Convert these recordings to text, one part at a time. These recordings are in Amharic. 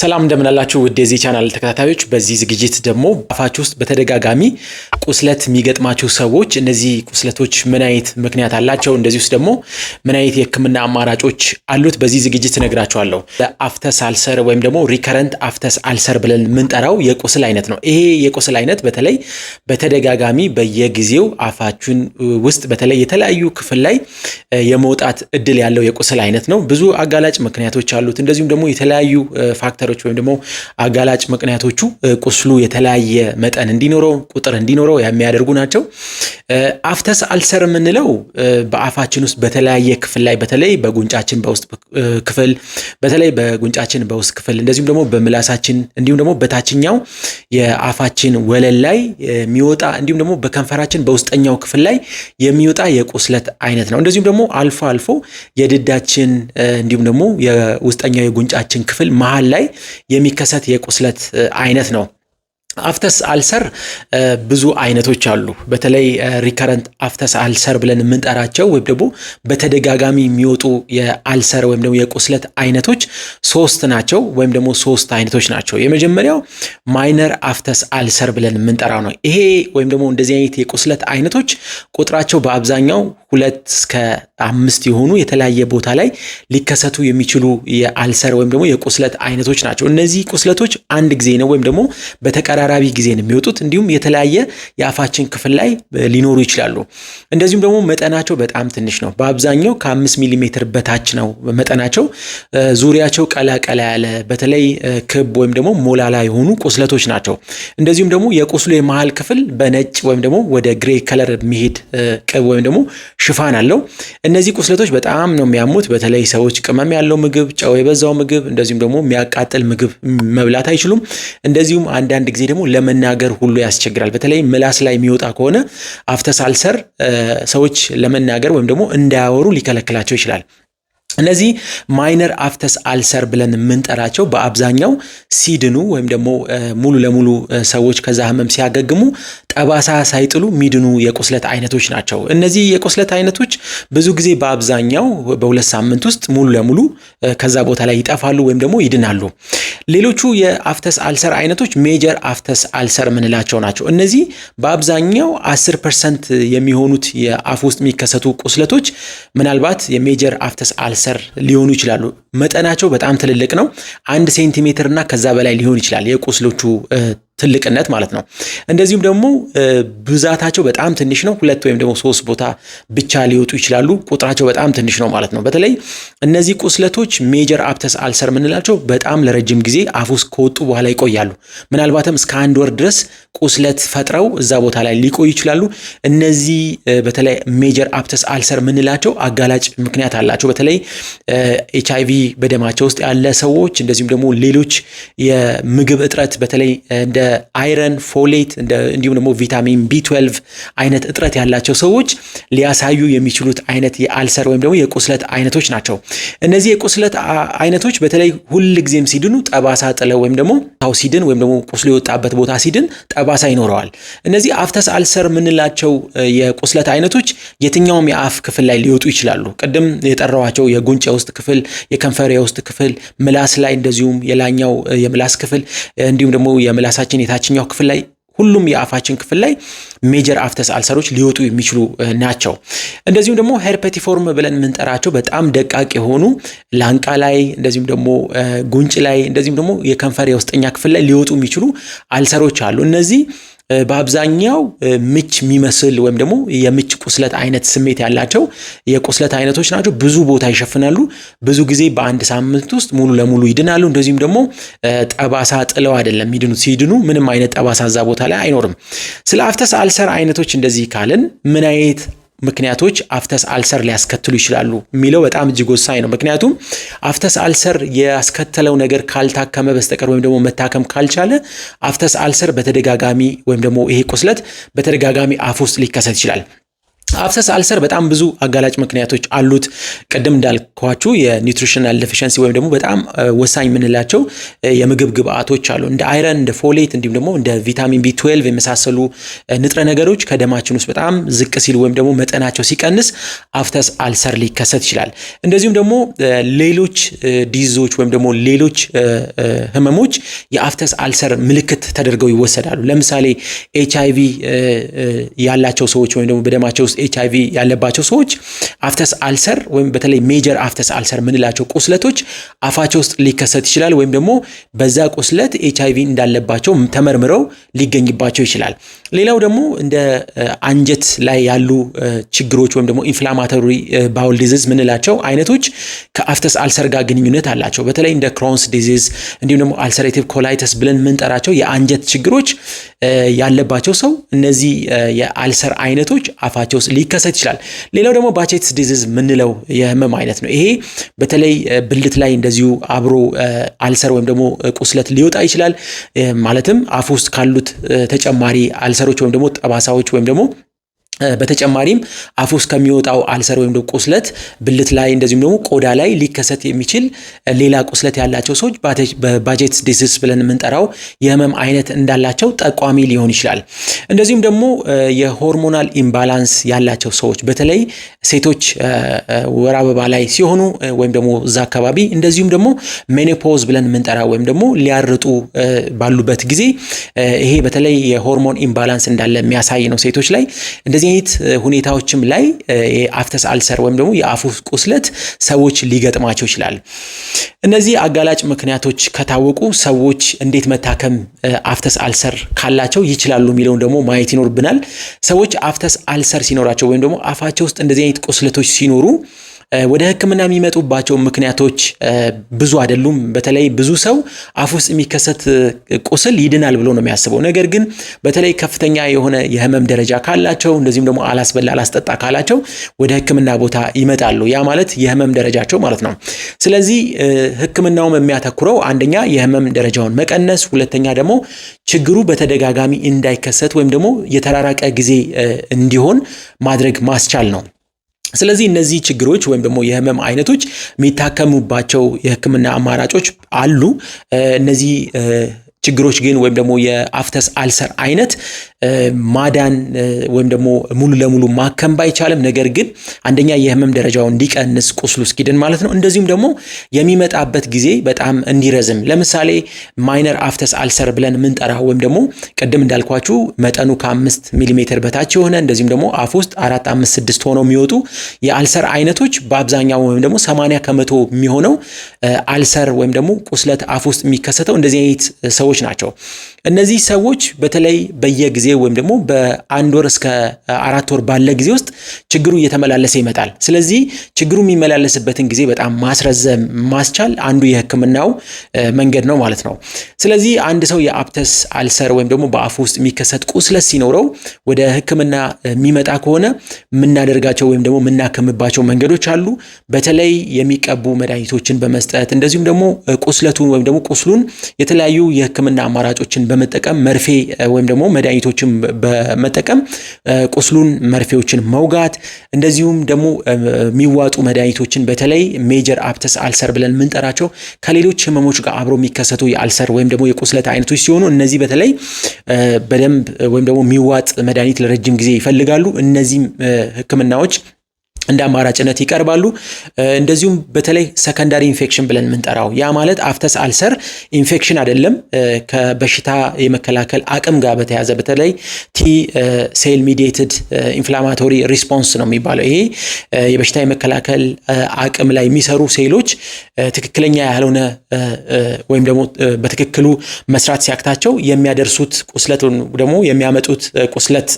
ሰላም እንደምናላችሁ ውድ የዚህ ቻናል ተከታታዮች፣ በዚህ ዝግጅት ደግሞ በአፋችሁ ውስጥ በተደጋጋሚ ቁስለት የሚገጥማችሁ ሰዎች እነዚህ ቁስለቶች ምን አይነት ምክንያት አላቸው፣ እንደዚህ ውስጥ ደግሞ ምን አይነት የህክምና አማራጮች አሉት በዚህ ዝግጅት እነግራችኋለሁ። አፍተስ አልሰር ወይም ደግሞ ሪከረንት አፍተስ አልሰር ብለን የምንጠራው የቁስል አይነት ነው። ይሄ የቁስል አይነት በተለይ በተደጋጋሚ በየጊዜው አፋችን ውስጥ በተለይ የተለያዩ ክፍል ላይ የመውጣት እድል ያለው የቁስል አይነት ነው። ብዙ አጋላጭ ምክንያቶች አሉት። እንደዚሁም ደግሞ የተለያዩ ፋክተር ፋክተሮች ወይም ደግሞ አጋላጭ ምክንያቶቹ ቁስሉ የተለያየ መጠን እንዲኖረው ቁጥር እንዲኖረው የሚያደርጉ ናቸው። አፍተስ አልሰር የምንለው በአፋችን ውስጥ በተለያየ ክፍል ላይ በተለይ በጉንጫችን በውስጥ ክፍል በተለይ በጉንጫችን በውስጥ ክፍል እንደዚሁም ደግሞ በምላሳችን እንዲሁም ደግሞ በታችኛው የአፋችን ወለል ላይ የሚወጣ እንዲሁም ደግሞ በከንፈራችን በውስጠኛው ክፍል ላይ የሚወጣ የቁስለት አይነት ነው። እንደዚሁም ደግሞ አልፎ አልፎ የድዳችን እንዲሁም ደግሞ የውስጠኛው የጉንጫችን ክፍል መሀል ላይ የሚከሰት የቁስለት አይነት ነው። አፍተስ አልሰር ብዙ አይነቶች አሉ። በተለይ ሪከረንት አፍተስ አልሰር ብለን የምንጠራቸው ወይም ደግሞ በተደጋጋሚ የሚወጡ የአልሰር ወይም ደግሞ የቁስለት አይነቶች ሶስት ናቸው ወይም ደግሞ ሶስት አይነቶች ናቸው። የመጀመሪያው ማይነር አፍተስ አልሰር ብለን የምንጠራው ነው። ይሄ ወይም ደግሞ እንደዚህ አይነት የቁስለት አይነቶች ቁጥራቸው በአብዛኛው ሁለት እስከ አምስት የሆኑ የተለያየ ቦታ ላይ ሊከሰቱ የሚችሉ የአልሰር ወይም ደግሞ የቁስለት አይነቶች ናቸው። እነዚህ ቁስለቶች አንድ ጊዜ ነው ወይም ደግሞ በተቀራ በተደራራቢ ጊዜ ነው የሚወጡት። እንዲሁም የተለያየ የአፋችን ክፍል ላይ ሊኖሩ ይችላሉ። እንደዚሁም ደግሞ መጠናቸው በጣም ትንሽ ነው። በአብዛኛው ከአምስት ሚሊሜትር በታች ነው መጠናቸው። ዙሪያቸው ቀላቀላ ያለ በተለይ ክብ ወይም ደግሞ ሞላላ የሆኑ ቁስለቶች ናቸው። እንደዚሁም ደግሞ የቁስሉ የመሃል ክፍል በነጭ ወይም ደግሞ ወደ ግሬ ከለር የሚሄድ ቅብ ወይም ደግሞ ሽፋን አለው። እነዚህ ቁስለቶች በጣም ነው የሚያሙት። በተለይ ሰዎች ቅመም ያለው ምግብ፣ ጨው የበዛው ምግብ እንደዚሁም ደግሞ የሚያቃጥል ምግብ መብላት አይችሉም። እንደዚሁም አንዳንድ ጊዜ ደግሞ ለመናገር ሁሉ ያስቸግራል። በተለይ ምላስ ላይ የሚወጣ ከሆነ አፍተሳልሰር ሰዎች ለመናገር ወይም ደግሞ እንዳያወሩ ሊከለክላቸው ይችላል። እነዚህ ማይነር አፍተስ አልሰር ብለን የምንጠራቸው በአብዛኛው ሲድኑ ወይም ደግሞ ሙሉ ለሙሉ ሰዎች ከዛ ህመም ሲያገግሙ ጠባሳ ሳይጥሉ የሚድኑ የቁስለት አይነቶች ናቸው። እነዚህ የቁስለት አይነቶች ብዙ ጊዜ በአብዛኛው በሁለት ሳምንት ውስጥ ሙሉ ለሙሉ ከዛ ቦታ ላይ ይጠፋሉ ወይም ደግሞ ይድናሉ። ሌሎቹ የአፍተስ አልሰር አይነቶች ሜጀር አፍተስ አልሰር የምንላቸው ናቸው። እነዚህ በአብዛኛው 10 ፐርሰንት የሚሆኑት የአፍ ውስጥ የሚከሰቱ ቁስለቶች ምናልባት የሜጀር አፍተስ አልሰር ሊሆኑ ይችላሉ። መጠናቸው በጣም ትልልቅ ነው። አንድ ሴንቲሜትር እና ከዛ በላይ ሊሆን ይችላል የቁስሎቹ ትልቅነት ማለት ነው። እንደዚሁም ደግሞ ብዛታቸው በጣም ትንሽ ነው። ሁለት ወይም ደግሞ ሶስት ቦታ ብቻ ሊወጡ ይችላሉ። ቁጥራቸው በጣም ትንሽ ነው ማለት ነው። በተለይ እነዚህ ቁስለቶች ሜጀር አፕተስ አልሰር የምንላቸው በጣም ለረጅም ጊዜ አፍ ውስጥ ከወጡ በኋላ ይቆያሉ። ምናልባትም እስከ አንድ ወር ድረስ ቁስለት ፈጥረው እዛ ቦታ ላይ ሊቆዩ ይችላሉ። እነዚህ በተለይ ሜጀር አፕተስ አልሰር የምንላቸው አጋላጭ ምክንያት አላቸው። በተለይ ኤች አይ ቪ በደማቸው ውስጥ ያለ ሰዎች እንደዚሁም ደግሞ ሌሎች የምግብ እጥረት በተለይ እንደ አይረን፣ ፎሌት እንዲሁም ደግሞ ቪታሚን ቢ12 አይነት እጥረት ያላቸው ሰዎች ሊያሳዩ የሚችሉት አይነት የአልሰር ወይም ደግሞ የቁስለት አይነቶች ናቸው። እነዚህ የቁስለት አይነቶች በተለይ ሁል ጊዜም ሲድኑ ጠባሳ ጥለው ወይም ደግሞ ታው ሲድን ወይም ደግሞ ቁስሉ የወጣበት ቦታ ሲድን ጠባሳ ይኖረዋል። እነዚህ አፍተስ አልሰር የምንላቸው የቁስለት አይነቶች የትኛውም የአፍ ክፍል ላይ ሊወጡ ይችላሉ። ቅድም የጠራኋቸው የጉንጭ የውስጥ ክፍል፣ የከንፈር የውስጥ ክፍል፣ ምላስ ላይ እንደዚሁም የላኛው የምላስ ክፍል እንዲሁም ደግሞ የምላሳችን የአፋችን የታችኛው ክፍል ላይ ሁሉም የአፋችን ክፍል ላይ ሜጀር አፍተስ አልሰሮች ሊወጡ የሚችሉ ናቸው። እንደዚሁም ደግሞ ሄርፐቲፎርም ብለን የምንጠራቸው በጣም ደቃቅ የሆኑ ላንቃ ላይ እንደዚሁም ደግሞ ጉንጭ ላይ እንደዚሁም ደግሞ የከንፈር የውስጠኛ ክፍል ላይ ሊወጡ የሚችሉ አልሰሮች አሉ። እነዚህ በአብዛኛው ምች የሚመስል ወይም ደግሞ የምች ቁስለት አይነት ስሜት ያላቸው የቁስለት አይነቶች ናቸው። ብዙ ቦታ ይሸፍናሉ። ብዙ ጊዜ በአንድ ሳምንት ውስጥ ሙሉ ለሙሉ ይድናሉ። እንደዚሁም ደግሞ ጠባሳ ጥለው አይደለም የሚድኑት። ሲድኑ ምንም አይነት ጠባሳ እዛ ቦታ ላይ አይኖርም። ስለ አፍተስ የአልሰር አይነቶች እንደዚህ ካልን ምን አይነት ምክንያቶች አፍተስ አልሰር ሊያስከትሉ ይችላሉ የሚለው በጣም እጅግ ወሳኝ ነው። ምክንያቱም አፍተስ አልሰር ያስከተለው ነገር ካልታከመ በስተቀር ወይም ደግሞ መታከም ካልቻለ አፍተስ አልሰር በተደጋጋሚ ወይም ደግሞ ይሄ ቁስለት በተደጋጋሚ አፍ ውስጥ ሊከሰት ይችላል። አብሰስ አልሰር በጣም ብዙ አጋላጭ ምክንያቶች አሉት። ቅድም እንዳልኳችሁ የኒውትሪሽናል ዴፊሽንሲ ወይም ደግሞ በጣም ወሳኝ የምንላቸው የምግብ ግብአቶች አሉ እንደ አይረን፣ እንደ ፎሌት እንዲሁም ደግሞ እንደ ቪታሚን ቢ12 የመሳሰሉ ንጥረ ነገሮች ከደማችን ውስጥ በጣም ዝቅ ሲሉ ወይም ደግሞ መጠናቸው ሲቀንስ አፍተስ አልሰር ሊከሰት ይችላል። እንደዚሁም ደግሞ ሌሎች ዲዞች ወይም ደግሞ ሌሎች ህመሞች የአፍተስ አልሰር ምልክት ተደርገው ይወሰዳሉ። ለምሳሌ ኤች አይቪ ያላቸው ሰዎች ወይም ደግሞ በደማቸው ውስጥ ኤች አይቪ ያለባቸው ሰዎች አፍተስ አልሰር ወይም በተለይ ሜጀር አፍተስ አልሰር የምንላቸው ቁስለቶች አፋቸው ውስጥ ሊከሰት ይችላል ወይም ደግሞ በዛ ቁስለት ኤች አይቪ እንዳለባቸው ተመርምረው ሊገኝባቸው ይችላል። ሌላው ደግሞ እንደ አንጀት ላይ ያሉ ችግሮች ወይም ደግሞ ኢንፍላማቶሪ ባውል ዲዚዝ ምንላቸው አይነቶች ከአፍተስ አልሰር ጋር ግንኙነት አላቸው። በተለይ እንደ ክሮንስ ዲዚዝ እንዲሁም ደግሞ አልሰሬቲቭ ኮላይተስ ብለን ምንጠራቸው የአንጀት ችግሮች ያለባቸው ሰው እነዚህ የአልሰር አይነቶች አፋቸው ውስጥ ሊከሰት ይችላል። ሌላው ደግሞ ባቼትስ ዲዚዝ ምንለው የህመም አይነት ነው። ይሄ በተለይ ብልት ላይ እንደዚሁ አብሮ አልሰር ወይም ደግሞ ቁስለት ሊወጣ ይችላል። ማለትም አፍ ውስጥ ካሉት ተጨማሪ አልሰር ካንሰሮች ወይም ደግሞ ጠባሳዎች ወይም ደግሞ በተጨማሪም አፉ ውስጥ ከሚወጣው አልሰር ወይም ደግሞ ቁስለት ብልት ላይ እንደዚሁም ደግሞ ቆዳ ላይ ሊከሰት የሚችል ሌላ ቁስለት ያላቸው ሰዎች በባጀት ዲዚዝ ብለን የምንጠራው የህመም አይነት እንዳላቸው ጠቋሚ ሊሆን ይችላል። እንደዚሁም ደግሞ የሆርሞናል ኢምባላንስ ያላቸው ሰዎች በተለይ ሴቶች ወር አበባ ላይ ሲሆኑ ወይም ደግሞ እዛ አካባቢ እንደዚሁም ደግሞ ሜኔፖዝ ብለን የምንጠራው ወይም ደግሞ ሊያርጡ ባሉበት ጊዜ ይሄ በተለይ የሆርሞን ኢምባላንስ እንዳለ የሚያሳይ ነው ሴቶች ላይ እንደዚህ ስሜት ሁኔታዎችም ላይ አፍተስ አልሰር ወይም ደግሞ የአፉ ቁስለት ሰዎች ሊገጥማቸው ይችላል። እነዚህ አጋላጭ ምክንያቶች ከታወቁ ሰዎች እንዴት መታከም አፍተስ አልሰር ካላቸው ይችላሉ የሚለውን ደግሞ ማየት ይኖርብናል። ሰዎች አፍተስ አልሰር ሲኖራቸው ወይም ደግሞ አፋቸው ውስጥ እንደዚህ አይነት ቁስለቶች ሲኖሩ ወደ ህክምና የሚመጡባቸው ምክንያቶች ብዙ አይደሉም። በተለይ ብዙ ሰው አፍ ውስጥ የሚከሰት ቁስል ይድናል ብሎ ነው የሚያስበው። ነገር ግን በተለይ ከፍተኛ የሆነ የህመም ደረጃ ካላቸው እንደዚሁም ደግሞ አላስበላ አላስጠጣ ካላቸው ወደ ህክምና ቦታ ይመጣሉ። ያ ማለት የህመም ደረጃቸው ማለት ነው። ስለዚህ ህክምናውም የሚያተኩረው አንደኛ የህመም ደረጃውን መቀነስ፣ ሁለተኛ ደግሞ ችግሩ በተደጋጋሚ እንዳይከሰት ወይም ደግሞ የተራራቀ ጊዜ እንዲሆን ማድረግ ማስቻል ነው። ስለዚህ እነዚህ ችግሮች ወይም ደግሞ የህመም አይነቶች የሚታከሙባቸው የህክምና አማራጮች አሉ። እነዚህ ችግሮች ግን ወይም ደግሞ የአፍተስ አልሰር አይነት ማዳን ወይም ደግሞ ሙሉ ለሙሉ ማከም ባይቻልም፣ ነገር ግን አንደኛ የህመም ደረጃው እንዲቀንስ ቁስሉ እስኪድን ማለት ነው። እንደዚሁም ደግሞ የሚመጣበት ጊዜ በጣም እንዲረዝም፣ ለምሳሌ ማይነር አፍተስ አልሰር ብለን ምንጠራ ወይም ደግሞ ቅድም እንዳልኳችሁ መጠኑ ከአምስት ሚሊሜትር በታች የሆነ እንደዚሁም ደግሞ አፍ ውስጥ አራት አምስት ስድስት ሆነው የሚወጡ የአልሰር አይነቶች በአብዛኛው ወይም ደግሞ ሰማንያ ከመቶ የሚሆነው አልሰር ወይም ደግሞ ቁስለት አፍ ውስጥ የሚከሰተው እንደዚህ አይነት ሰዎች ናቸው። እነዚህ ሰዎች በተለይ በየጊዜ ወይም ደግሞ በአንድ ወር እስከ አራት ወር ባለ ጊዜ ውስጥ ችግሩ እየተመላለሰ ይመጣል። ስለዚህ ችግሩ የሚመላለስበትን ጊዜ በጣም ማስረዘም ማስቻል አንዱ የህክምናው መንገድ ነው ማለት ነው። ስለዚህ አንድ ሰው የአፕተስ አልሰር ወይም ደግሞ በአፉ ውስጥ የሚከሰት ቁስለት ሲኖረው ወደ ህክምና የሚመጣ ከሆነ የምናደርጋቸው ወይም ደግሞ የምናከምባቸው መንገዶች አሉ። በተለይ የሚቀቡ መድኃኒቶችን በመስጠት እንደዚሁም ደግሞ ቁስለቱን ወይም ደግሞ ቁስሉን የተለያዩ የህክምና አማራጮችን በመጠቀም መርፌ ወይም ደግሞ መድኃኒቶችን መርፌዎችን በመጠቀም ቁስሉን መርፌዎችን መውጋት እንደዚሁም ደግሞ የሚዋጡ መድኃኒቶችን በተለይ ሜጀር አፕተስ አልሰር ብለን የምንጠራቸው ከሌሎች ህመሞች ጋር አብሮ የሚከሰቱ የአልሰር ወይም ደግሞ የቁስለት አይነቶች ሲሆኑ እነዚህ በተለይ በደንብ ወይም ደግሞ የሚዋጥ መድኃኒት ለረጅም ጊዜ ይፈልጋሉ። እነዚህም ህክምናዎች እንደ አማራጭነት ይቀርባሉ። እንደዚሁም በተለይ ሰከንዳሪ ኢንፌክሽን ብለን የምንጠራው ያ ማለት አፍተስ አልሰር ኢንፌክሽን አይደለም፣ ከበሽታ የመከላከል አቅም ጋር በተያዘ በተለይ ቲ ሴል ሚዲየትድ ኢንፍላማቶሪ ሪስፖንስ ነው የሚባለው። ይሄ የበሽታ የመከላከል አቅም ላይ የሚሰሩ ሴሎች ትክክለኛ ያልሆነ ወይም ደግሞ በትክክሉ መስራት ሲያክታቸው የሚያደርሱት ቁስለት ደግሞ የሚያመጡት ቁስለት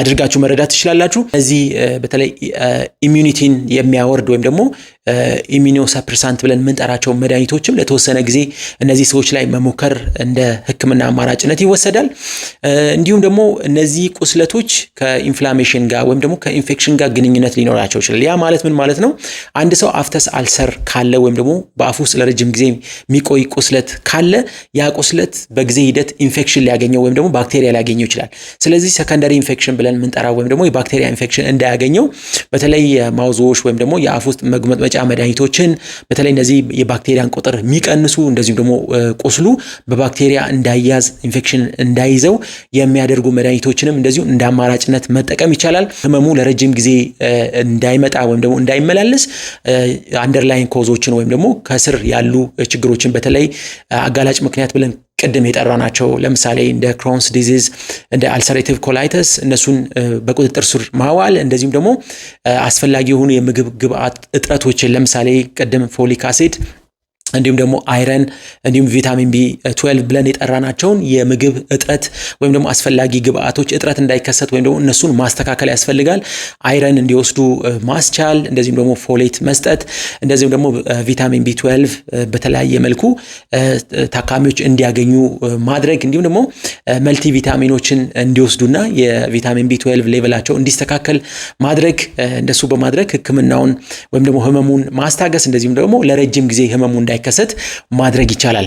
አድርጋችሁ መረዳት ትችላላችሁ። እዚህ በተለይ ኢሚዩኒቲን የሚያወርድ ወይም ደግሞ ኢሚኖሳፕርሳንት ብለን የምንጠራቸው መድኃኒቶችም ለተወሰነ ጊዜ እነዚህ ሰዎች ላይ መሞከር እንደ ሕክምና አማራጭነት ይወሰዳል። እንዲሁም ደግሞ እነዚህ ቁስለቶች ከኢንፍላሜሽን ጋር ወይም ደግሞ ከኢንፌክሽን ጋር ግንኙነት ሊኖራቸው ይችላል። ያ ማለት ምን ማለት ነው? አንድ ሰው አፍተስ አልሰር ካለ ወይም ደግሞ በአፉ ውስጥ ለረጅም ጊዜ የሚቆይ ቁስለት ካለ ያ ቁስለት በጊዜ ሂደት ኢንፌክሽን ሊያገኘው ወይም ደግሞ ባክቴሪያ ሊያገኘው ይችላል። ስለዚህ ሰከንደሪ ኢንፌክሽን ብለን የምንጠራው ወይም ደግሞ የባክቴሪያ ኢንፌክሽን እንዳያገኘው በተለይ የማውዝዎች ወይም ደግሞ የአፍ ውስጥ መጉመጥ መቀነጫ መድኃኒቶችን በተለይ እነዚህ የባክቴሪያን ቁጥር የሚቀንሱ እንደዚሁም ደግሞ ቁስሉ በባክቴሪያ እንዳያዝ ኢንፌክሽን እንዳይዘው የሚያደርጉ መድኃኒቶችንም እንደዚሁ እንደ አማራጭነት መጠቀም ይቻላል። ህመሙ ለረጅም ጊዜ እንዳይመጣ ወይም ደግሞ እንዳይመላለስ አንደርላይን ኮዞችን ወይም ደግሞ ከስር ያሉ ችግሮችን በተለይ አጋላጭ ምክንያት ብለን ቅድም የጠራናቸው ለምሳሌ እንደ ክሮንስ ዲዚዝ፣ እንደ አልሰሬቲቭ ኮላይተስ እነሱን በቁጥጥር ስር ማዋል እንደዚሁም ደግሞ አስፈላጊ የሆኑ የምግብ ግብአት እጥረቶችን ለምሳሌ ቅድም ፎሊክ አሲድ እንዲሁም ደግሞ አይረን እንዲሁም ቪታሚን ቢ 12 ብለን የጠራናቸውን የምግብ እጥረት ወይም ደግሞ አስፈላጊ ግብአቶች እጥረት እንዳይከሰት ወይም ደግሞ እነሱን ማስተካከል ያስፈልጋል። አይረን እንዲወስዱ ማስቻል፣ እንደዚሁም ደግሞ ፎሌት መስጠት፣ እንደዚሁም ደግሞ ቪታሚን ቢ 12 በተለያየ መልኩ ታካሚዎች እንዲያገኙ ማድረግ እንዲሁም ደግሞ መልቲ ቪታሚኖችን እንዲወስዱና የቪታሚን ቢ 12 ሌቨላቸው እንዲስተካከል ማድረግ እንደሱ በማድረግ ህክምናውን ወይም ደግሞ ህመሙን ማስታገስ እንደዚሁም ደግሞ ለረጅም ጊዜ ህመሙ እንዳይ እንዳይከሰት ማድረግ ይቻላል።